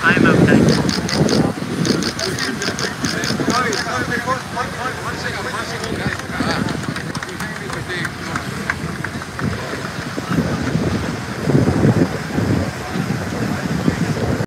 I'm okay.